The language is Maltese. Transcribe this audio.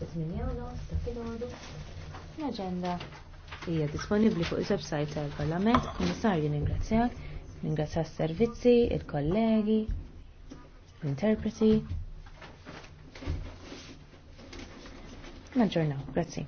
L-aġenda hija disponibbli fuq is-website tal-Parlament. Kummissarju ningrazzjak, ningrazzja s-servizzi, il-kollegi, l-interpreti. Naġġornaw, grazzi.